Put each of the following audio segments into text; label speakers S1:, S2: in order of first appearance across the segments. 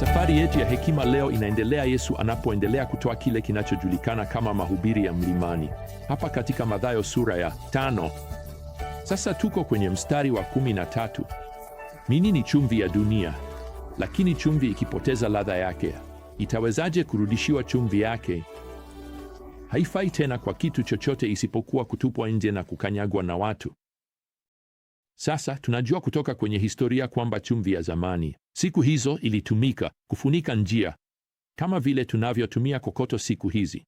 S1: Safari yetu ya hekima leo inaendelea Yesu anapoendelea kutoa kile kinachojulikana kama mahubiri ya mlimani hapa katika Mathayo sura ya tano. Sasa tuko kwenye mstari wa kumi na tatu. nini ni chumvi ya dunia, lakini chumvi ikipoteza ladha yake itawezaje kurudishiwa chumvi yake? Haifai tena kwa kitu chochote isipokuwa kutupwa nje na kukanyagwa na watu. Sasa tunajua kutoka kwenye historia kwamba chumvi ya zamani siku hizo ilitumika kufunika njia kama vile tunavyotumia kokoto siku hizi.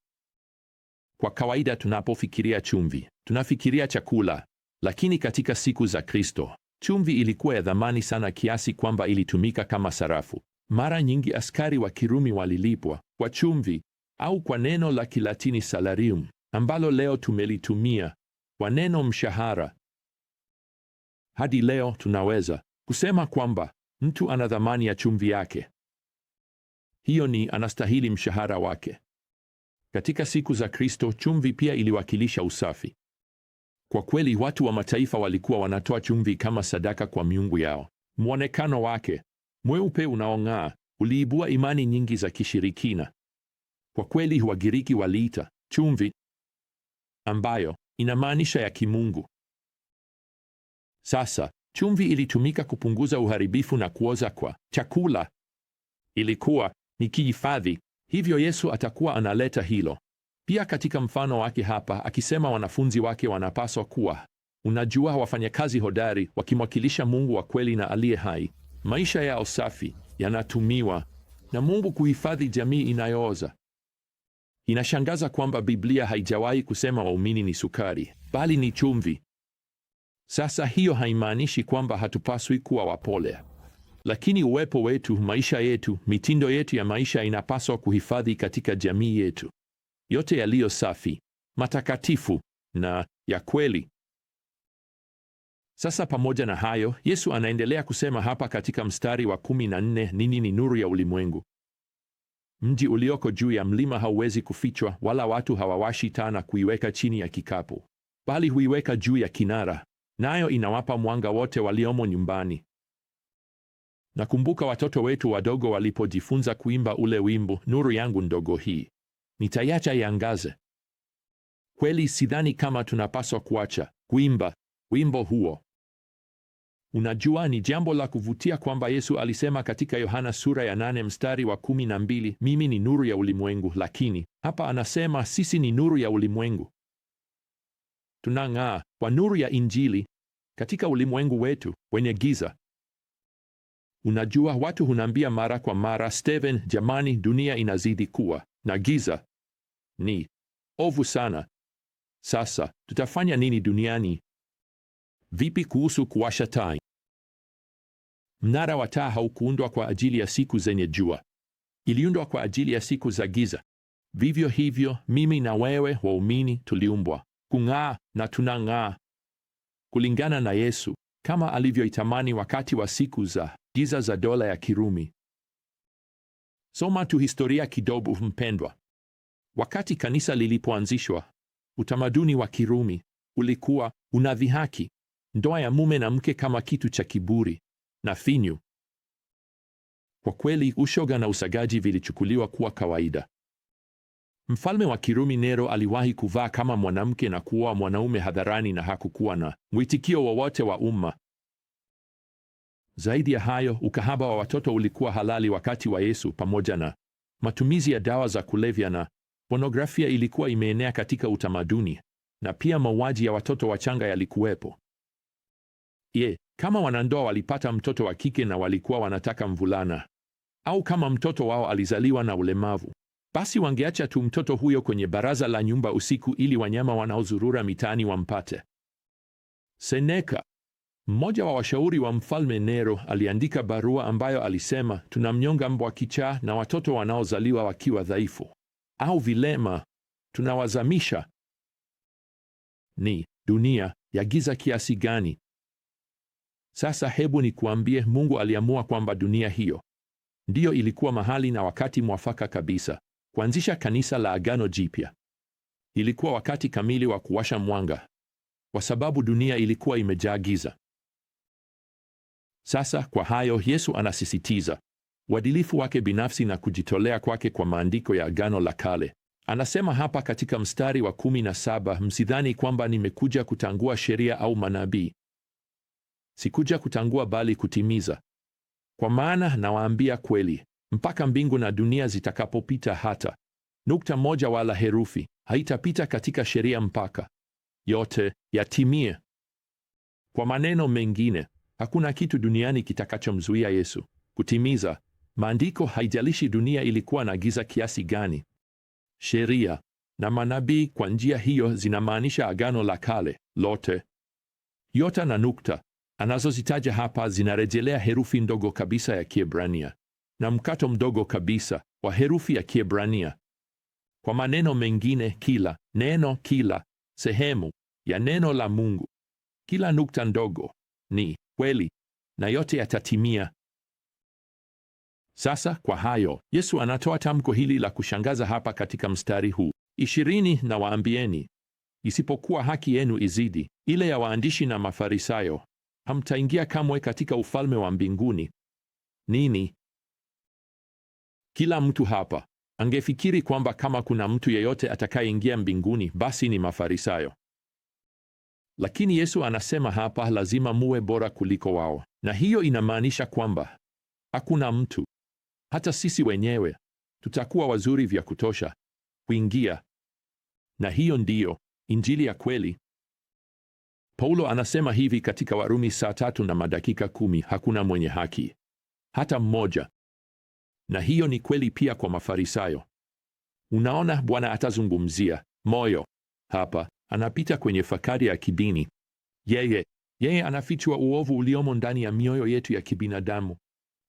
S1: Kwa kawaida tunapofikiria chumvi, tunafikiria chakula, lakini katika siku za Kristo, chumvi ilikuwa ya dhamani sana kiasi kwamba ilitumika kama sarafu. Mara nyingi askari wa Kirumi walilipwa kwa chumvi au kwa neno la Kilatini salarium ambalo leo tumelitumia kwa neno mshahara. Hadi leo tunaweza kusema kwamba mtu ana thamani ya chumvi yake, hiyo ni anastahili mshahara wake. Katika siku za Kristo, chumvi pia iliwakilisha usafi. Kwa kweli, watu wa mataifa walikuwa wanatoa chumvi kama sadaka kwa miungu yao. Mwonekano wake mweupe unaong'aa uliibua imani nyingi za kishirikina. Kwa kweli, Wagiriki waliita chumvi, ambayo inamaanisha ya kimungu, sasa chumvi ilitumika kupunguza uharibifu na kuoza kwa chakula. Ilikuwa ni kihifadhi, hivyo Yesu atakuwa analeta hilo pia katika mfano wake hapa, akisema wanafunzi wake wanapaswa kuwa, unajua, wafanyakazi hodari wakimwakilisha Mungu wa kweli na aliye hai. Maisha yao safi yanatumiwa na Mungu kuhifadhi jamii inayooza. Inashangaza kwamba Biblia haijawahi kusema waumini ni sukari, bali ni chumvi. Sasa hiyo haimaanishi kwamba hatupaswi kuwa wapole, lakini uwepo wetu, maisha yetu, mitindo yetu ya maisha inapaswa kuhifadhi katika jamii yetu yote yaliyo safi, matakatifu na ya kweli. Sasa pamoja na hayo, Yesu anaendelea kusema hapa katika mstari wa kumi na nne, ni nuru ya ulimwengu. Mji ulioko juu ya mlima hauwezi kufichwa, wala watu hawawashi taa na kuiweka chini ya kikapu, bali huiweka juu ya kinara, nayo inawapa mwanga wote waliomo nyumbani. Nakumbuka watoto wetu wadogo walipojifunza kuimba ule wimbo, nuru yangu ndogo hii nitayacha yangaze. Kweli sidhani kama tunapaswa kuacha kuimba wimbo huo. Unajua, ni jambo la kuvutia kwamba Yesu alisema katika Yohana sura ya nane mstari wa kumi na mbili mimi ni nuru ya ulimwengu, lakini hapa anasema sisi ni nuru ya ulimwengu tunang'aa kwa nuru ya Injili katika ulimwengu wetu wenye giza. Unajua, watu hunambia mara kwa mara, Steven, jamani, dunia inazidi kuwa na giza, ni ovu sana. Sasa tutafanya nini duniani? Vipi kuhusu kuwasha taa? Mnara wa taa haukuundwa kwa ajili ya siku zenye jua, iliundwa kwa ajili ya siku za giza. Vivyo hivyo, mimi na wewe, waumini, tuliumbwa kung'aa na tunang'aa kulingana na Yesu kama alivyoitamani wakati wa siku za giza za dola ya Kirumi. Soma tu historia kidogo, mpendwa. Wakati kanisa lilipoanzishwa, utamaduni wa Kirumi ulikuwa unadhihaki ndoa ya mume na mke kama kitu cha kiburi na finyu. Kwa kweli, ushoga na usagaji vilichukuliwa kuwa kawaida. Mfalme wa Kirumi Nero aliwahi kuvaa kama mwanamke na kuoa mwanaume hadharani na hakukuwa na mwitikio wowote wa, wa umma. Zaidi ya hayo, ukahaba wa watoto ulikuwa halali wakati wa Yesu, pamoja na matumizi ya dawa za kulevya na pornografia ilikuwa imeenea katika utamaduni, na pia mauaji ya watoto wachanga yalikuwepo. Ye, kama wanandoa walipata mtoto wa kike na walikuwa wanataka mvulana, au kama mtoto wao alizaliwa na ulemavu basi wangeacha tu mtoto huyo kwenye baraza la nyumba usiku ili wanyama wanaozurura mitaani wampate. Seneka, mmoja wa washauri wa Mfalme Nero, aliandika barua ambayo alisema, tunamnyonga mbwa kichaa na watoto wanaozaliwa wakiwa dhaifu au vilema tunawazamisha. Ni dunia ya giza kiasi gani! Sasa hebu nikuambie, Mungu aliamua kwamba dunia hiyo ndiyo ilikuwa mahali na wakati mwafaka kabisa Kuanzisha kanisa la Agano Jipya ilikuwa wakati kamili wa kuwasha mwanga, kwa sababu dunia ilikuwa imejaa giza. Sasa kwa hayo, Yesu anasisitiza uadilifu wake binafsi na kujitolea kwake kwa maandiko ya Agano la Kale. Anasema hapa katika mstari wa kumi na saba, msidhani kwamba nimekuja kutangua sheria au manabii. Sikuja kutangua bali kutimiza. Kwa maana nawaambia kweli, mpaka mbingu na dunia zitakapopita, hata nukta moja wala herufi haitapita katika sheria mpaka yote yatimie. Kwa maneno mengine, hakuna kitu duniani kitakachomzuia Yesu kutimiza maandiko. Haijalishi dunia ilikuwa na giza kiasi gani, sheria na manabii kwa njia hiyo zinamaanisha Agano la Kale lote. Yota na nukta anazozitaja hapa zinarejelea herufi ndogo kabisa ya Kiebrania na mkato mdogo kabisa wa herufi ya Kiebrania. Kwa maneno mengine, kila neno, kila sehemu ya neno la Mungu, kila nukta ndogo ni kweli na yote yatatimia. Sasa kwa hayo, Yesu anatoa tamko hili la kushangaza hapa katika mstari huu ishirini, na waambieni, isipokuwa haki yenu izidi ile ya waandishi na Mafarisayo, hamtaingia kamwe katika ufalme wa mbinguni. Nini kila mtu hapa angefikiri kwamba kama kuna mtu yeyote atakayeingia mbinguni basi ni Mafarisayo. Lakini Yesu anasema hapa, lazima muwe bora kuliko wao, na hiyo inamaanisha kwamba hakuna mtu, hata sisi wenyewe, tutakuwa wazuri vya kutosha kuingia. Na hiyo ndiyo injili ya kweli. Paulo anasema hivi katika Warumi saa tatu na madakika kumi, hakuna mwenye haki hata mmoja. Na hiyo ni kweli pia kwa Mafarisayo. Unaona, Bwana atazungumzia moyo hapa, anapita kwenye fakari ya kidini. Yeye yeye anafichua uovu uliomo ndani ya mioyo yetu ya kibinadamu.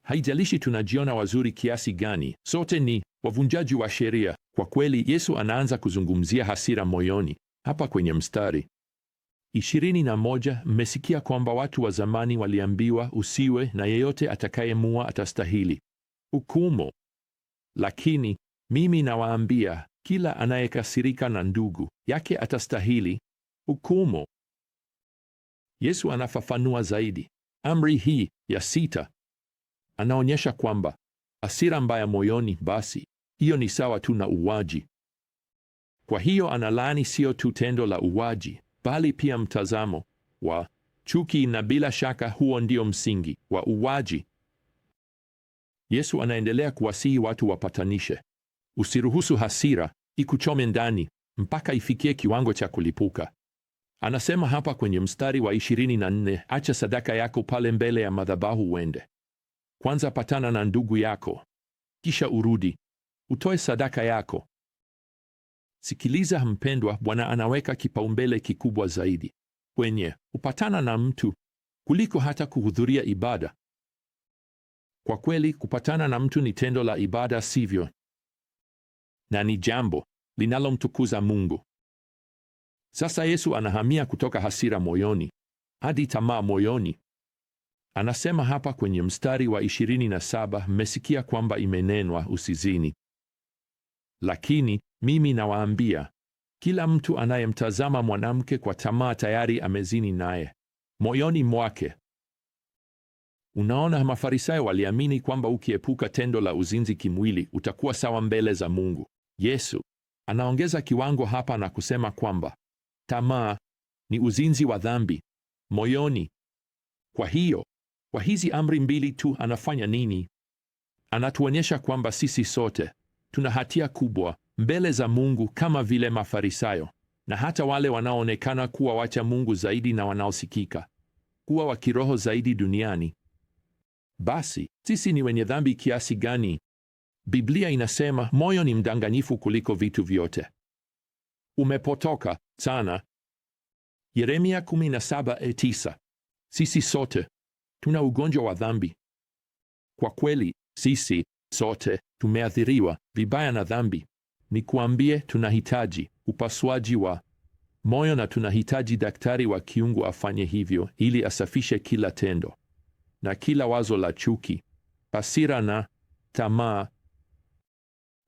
S1: Haijalishi tunajiona wazuri kiasi gani, sote ni wavunjaji wa sheria. Kwa kweli, Yesu anaanza kuzungumzia hasira moyoni hapa kwenye mstari ishirini na moja. Mmesikia kwamba watu wa zamani waliambiwa, usiwe na yeyote atakayemua atastahili hukumu. Lakini mimi nawaambia, kila anayekasirika na ndugu yake atastahili hukumu. Yesu anafafanua zaidi amri hii ya sita. Anaonyesha kwamba hasira mbaya moyoni, basi hiyo ni sawa tu na uwaji. Kwa hiyo analaani sio tu tendo la uwaji, bali pia mtazamo wa chuki, na bila shaka huo ndio msingi wa uwaji. Yesu anaendelea kuwasihi watu wapatanishe. Usiruhusu hasira ikuchome ndani mpaka ifikie kiwango cha kulipuka. Anasema hapa kwenye mstari wa 24, acha sadaka yako pale mbele ya madhabahu, uende kwanza patana na ndugu yako, kisha urudi utoe sadaka yako. Sikiliza mpendwa, Bwana anaweka kipaumbele kikubwa zaidi kwenye upatana na mtu kuliko hata kuhudhuria ibada. Kwa kweli kupatana na mtu ni tendo la ibada, sivyo? Na ni jambo linalomtukuza Mungu. Sasa Yesu anahamia kutoka hasira moyoni hadi tamaa moyoni. Anasema hapa kwenye mstari wa 27, mmesikia kwamba imenenwa usizini. Lakini mimi nawaambia, kila mtu anayemtazama mwanamke kwa tamaa tayari amezini naye moyoni mwake. Unaona, Mafarisayo waliamini kwamba ukiepuka tendo la uzinzi kimwili utakuwa sawa mbele za Mungu. Yesu anaongeza kiwango hapa na kusema kwamba tamaa ni uzinzi wa dhambi moyoni. Kwa hiyo kwa hizi amri mbili tu anafanya nini? Anatuonyesha kwamba sisi sote tuna hatia kubwa mbele za Mungu kama vile Mafarisayo na hata wale wanaoonekana kuwa wacha Mungu zaidi na wanaosikika kuwa wa kiroho zaidi duniani. Basi sisi ni wenye dhambi kiasi gani? Biblia inasema moyo ni mdanganyifu kuliko vitu vyote, umepotoka sana. Yeremia 17:9. Sisi sote tuna ugonjwa wa dhambi. Kwa kweli sisi sote tumeathiriwa vibaya na dhambi. Nikuambie, tunahitaji upasuaji wa moyo na tunahitaji daktari wa kiungu afanye hivyo ili asafishe kila tendo na kila wazo la chuki, hasira na tamaa.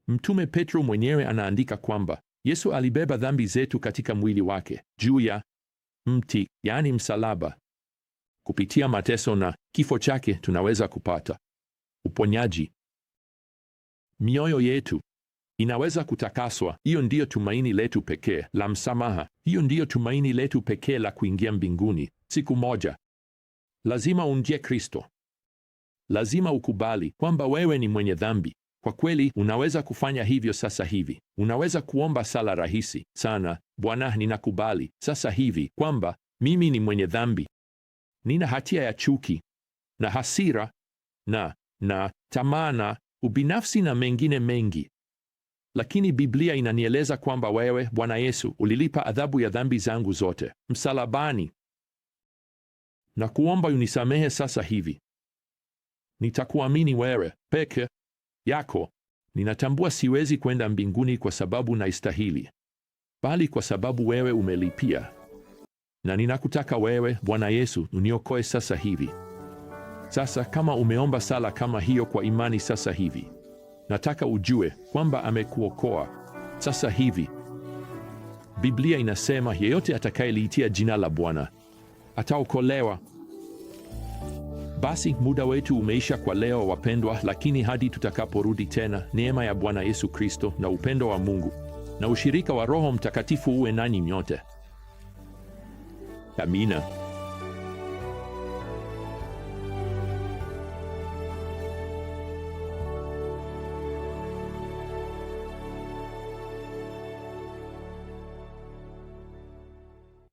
S1: Mtume Petro mwenyewe anaandika kwamba Yesu alibeba dhambi zetu katika mwili wake juu ya mti, yani msalaba. Kupitia mateso na kifo chake tunaweza kupata uponyaji. Mioyo yetu inaweza kutakaswa. Hiyo ndiyo tumaini letu pekee la msamaha. Hiyo ndiyo tumaini letu pekee la kuingia mbinguni siku moja lazima umjie Kristo. Lazima ukubali kwamba wewe ni mwenye dhambi. Kwa kweli, unaweza kufanya hivyo sasa hivi. Unaweza kuomba sala rahisi sana: Bwana, ninakubali sasa hivi kwamba mimi ni mwenye dhambi, nina hatia ya chuki na hasira na na tamaa na ubinafsi na mengine mengi. Lakini Biblia inanieleza kwamba wewe Bwana Yesu ulilipa adhabu ya dhambi zangu zote msalabani na kuomba unisamehe sasa hivi. Nitakuamini wewe peke yako. Ninatambua siwezi kwenda mbinguni kwa sababu naistahili, bali kwa sababu wewe umelipia. Na ninakutaka wewe, Bwana Yesu, uniokoe sasa hivi. Sasa kama umeomba sala kama hiyo kwa imani sasa hivi, nataka ujue kwamba amekuokoa sasa hivi. Biblia inasema yeyote atakayeliitia jina la Bwana ataokolewa. Basi muda wetu umeisha kwa leo wapendwa, lakini hadi tutakaporudi tena, neema ya Bwana Yesu Kristo na upendo wa Mungu na ushirika wa Roho Mtakatifu uwe nanyi nyote. Amina.